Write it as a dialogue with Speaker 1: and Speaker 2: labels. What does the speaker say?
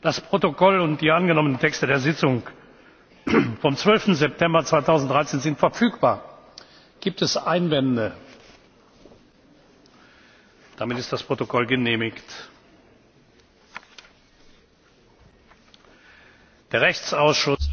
Speaker 1: das protokoll und die angenommenen texte der sitzung vom. zwölf september zweitausenddreizehn sind verfügbar. gibt es einwände? damit ist das protokoll genehmigt. der rechtsausschuss